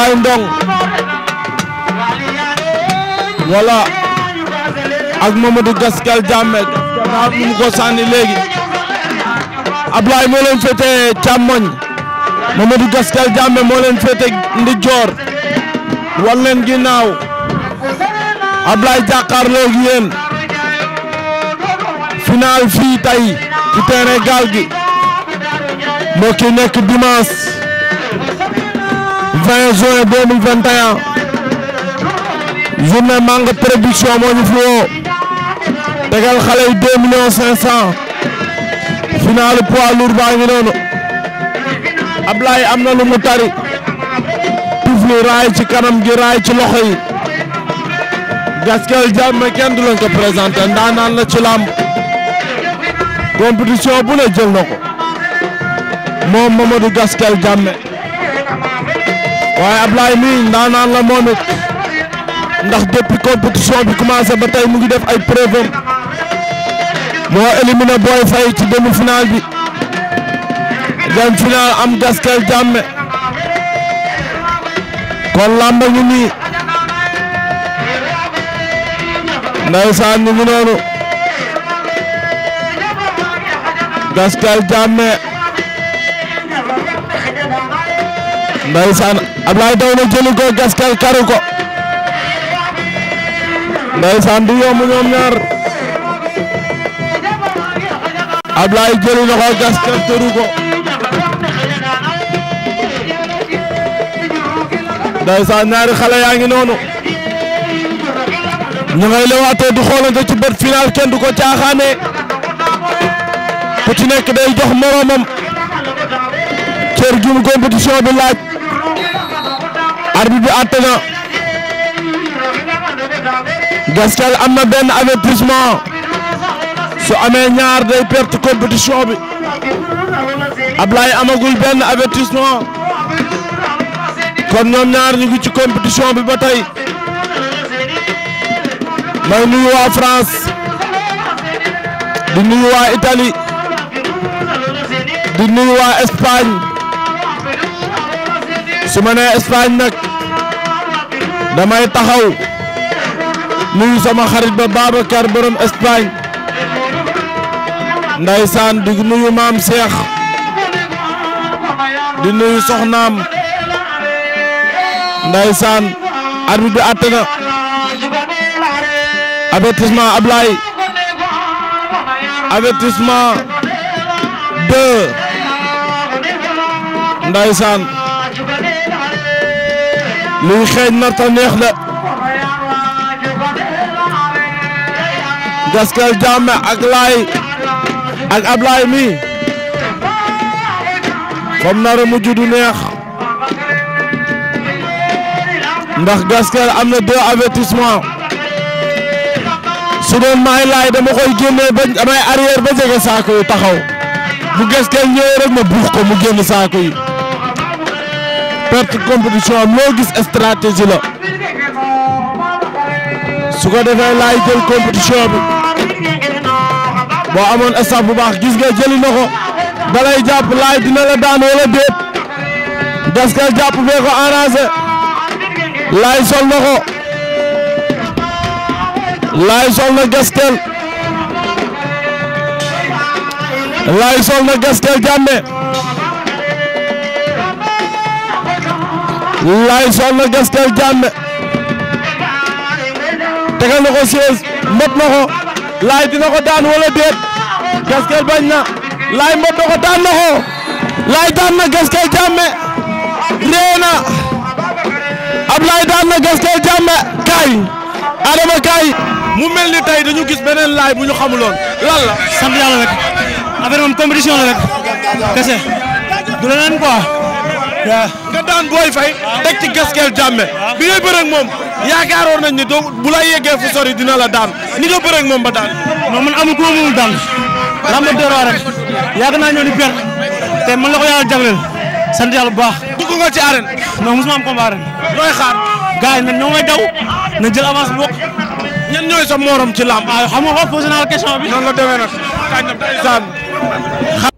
Ibrahima Ndong wala ak Mamadou Gaskel Diamé naa nu mu ko sànni léegi Ablaye moo leen féete càmmoñ Mamadou Gaskel Diamé moo ki nekk dimanche. 20 juin 2021 journée Manga Production moo ñu fi woo tegal xale finalu poids lourd baa ngi noonu Ablaye am na mu tari tufli raay ci kanam gi raay ci loxo yi Gaskel Diame kenn du leen ko présenté ndaanaan la ci làmb compétition bu ne jël na ko moom Mamadou Gaskel Diame. waaye Ablaye mii ndaanaan la ndax depuis compétition bi commencé ba tey mu ngi def ay preuve moo éliminé Boy Faye ci demi final bi am Gaskel Jammeh kon lamba ñu nii ndeysaan ñu ngi noonu Gaskel Jammeh ndeysaan Ablaye daw na jëli ko gaskel karu ko ndeysaan du yomb ñoom ñaar Ablaye jëli na ko gaskel tëru ko ndeysaan ñaari xale yaa ngi noonu ñu ngay lewaatee du xoolante ci bët final kenn du ko caaxaane ku ci nekk day jox moromam cër gi mu compétition bi laaj arbitre bi àtte na Gaskel am benn avertissement su amee ñaar day perte compétition bi Ablaye amagul benn avertissement kon ñoom ñaar ñu ngi ci compétition bi ba tey may nuyu waa France di nuyu waa Italie di nuyu waa Espagne su ma nee Espagne nag. damay taxaw nuyu sama xarit ba Babacar borom Espagne ndaysaan di nuyu maam Cheikh di nuyu soxnaam ndaysaan arbitre bi àtte na avertissement Ablaye avertissement deux ndaysaan luy xeeñ narta neex la Gaskel Jamme ak laay ak Ablaay mi comme nara mujj du neex ndax Gaskel am na deux avertissement su doon maay laay dama koy génnee ba ba jege saako yi taxaw bu Gaskel ñëwee rek ma buux ko mu génn saako yi perte compétition am loo gis stratégie la su ko defee laay jël compétition bi boo amoon staff baax gis nga jëli na ko balay jàpp laay dina daan wala déet gas nga jàpp bee ko sol na ko sol na gaskel laay sol laay sol na Gaskel Diané tegal na ko chaise mbot na ko laay dina ko daan wala déet Gaskel bañ na laay mbot na ko daan na ko laay daan na Gaskel Diané na Ablaye daan na Gaskel Diané Adama kaay mu mel ni tey dañu gis beneen laay bu ñu xamuloon lan la. sant yàlla rek affaire moom compétition la rek kese du leneen quoi. nga daan booy fay. teg ci gaskeel jàmme. bi ngay bëreeg moom yaakaaroon nañ ni doo bu la yeggee fu sori dina la daan ni nga bëreeg moom ba daan. non man amul ku ma mënul daan. lamba door waa rek yàgg naa ñëw di per te man la ko yàlla jagleel sant yàlla bu baax. dugg nga ci arène. non mosuma am combat ren. looy xaar. gars yi nag ñoo may daw na jël avance bokk. ñan ñooy sa morom ci lamb. waaw ah, xam nga foofu posé naa la question bi. noonu la demee nag.